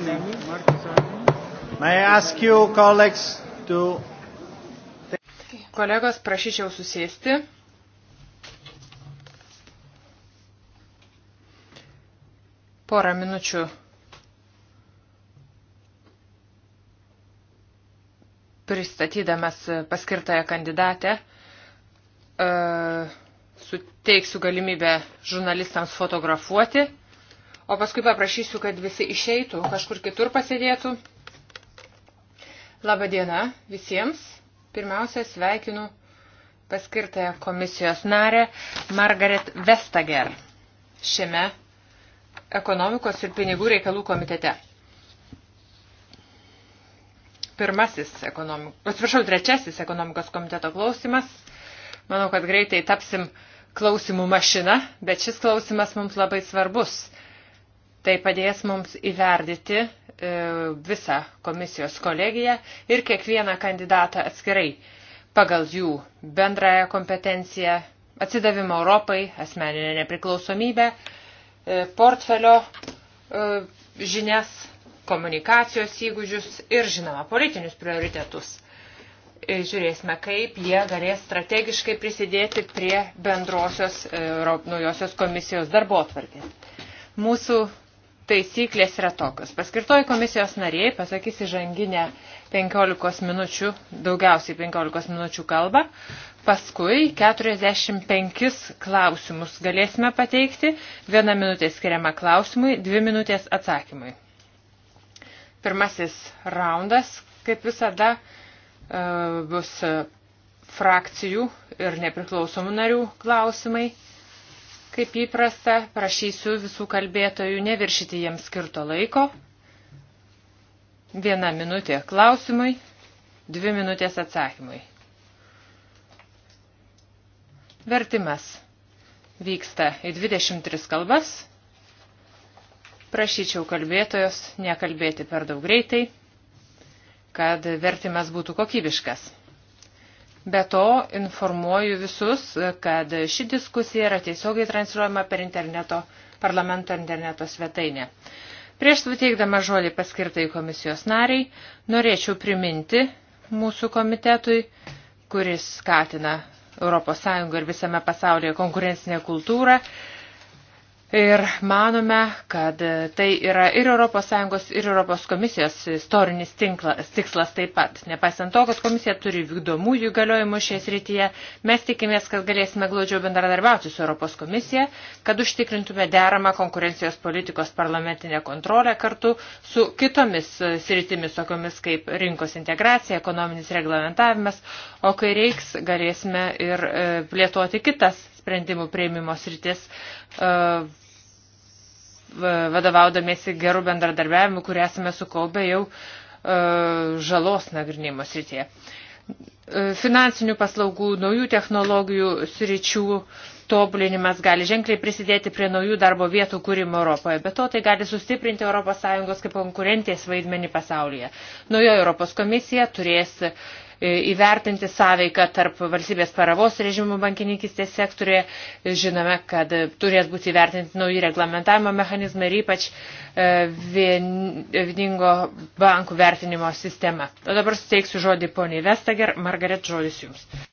Sarni. May I ask you, colleagues, to... Kolegos, prašyčiau susėsti. Porą minučių pristatydamas paskirtąją kandidatę e, suteiksiu galimybę žurnalistams fotografuoti o paskui paprašysiu, kad visi išeitų, kažkur kitur pasėdėtų. Labą dieną visiems. Pirmiausia, sveikinu paskirtąją komisijos narę Margaret Vestager šiame ekonomikos ir pinigų reikalų komitete. Pirmasis ekonomikos, atsiprašau, trečiasis ekonomikos komiteto klausimas. Manau, kad greitai tapsim klausimų mašina, bet šis klausimas mums labai svarbus Tai padės mums įverdyti e, visą komisijos kolegiją ir kiekvieną kandidatą atskirai pagal jų bendrąją kompetenciją, atsidavimą Europai, asmeninę nepriklausomybę, e, portfelio e, žinias, komunikacijos įgūdžius ir, žinoma, politinius prioritetus. Ir žiūrėsime, kaip jie galės strategiškai prisidėti prie bendrosios Europ, naujosios komisijos darbo atvarkės. Mūsų taisyklės yra tokios. Paskirtoji komisijos nariai pasakys įžanginę 15 minučių, daugiausiai 15 minučių kalbą, paskui 45 klausimus galėsime pateikti, viena minutė skiriama klausimui, dvi minutės atsakymui. Pirmasis raundas, kaip visada, e, bus frakcijų ir nepriklausomų narių klausimai. Kaip įprasta, prašysiu visų kalbėtojų neviršyti jiems skirto laiko. Viena minutė klausimui, dvi minutės atsakymui. Vertimas vyksta į 23 kalbas. Prašyčiau kalbėtojos nekalbėti per daug greitai, kad vertimas būtų kokybiškas. Be to, informuoju visus, kad ši diskusija yra tiesiogiai transliuojama per interneto, parlamento interneto svetainę. Prieš suteikdama žodį paskirtai komisijos nariai, norėčiau priminti mūsų komitetui, kuris skatina ES ir visame pasaulyje konkurencinę kultūrą, Ir manome, kad tai yra ir ES, ir ES komisijos istorinis tinklas, tikslas taip pat. Nepaisant to, kad komisija turi vykdomųjų galiojimų šioje srityje, mes tikimės, kad galėsime glaudžiau bendradarbiauti su ES komisija, kad užtikrintume deramą konkurencijos politikos parlamentinę kontrolę kartu su kitomis sritimis, tokiomis kaip rinkos integracija, ekonominis reglamentavimas, o kai reiks, galėsime ir e, plėtoti kitas sprendimų prieimimo sritis, e, vadovaudomėsi gerų bendradarbiavimų, kurį esame sukaupę jau e, žalos nagrinėjimo srityje. E, finansinių paslaugų, naujų technologijų sričių tobulinimas gali ženkliai prisidėti prie naujų darbo vietų kūrimo Europoje. Be to, tai gali sustiprinti ES kaip konkurentės vaidmenį pasaulyje. Naujoji Europos komisija turės e, įvertinti sąveiką tarp valstybės paravos režimų bankininkistės sektorėje. Žinome, kad turės būti įvertinti nauji reglamentavimo mechanizmai ir ypač e, vieningo bankų vertinimo sistema. O dabar suteiksiu žodį poniai Vestager. Margaret, žodis jums.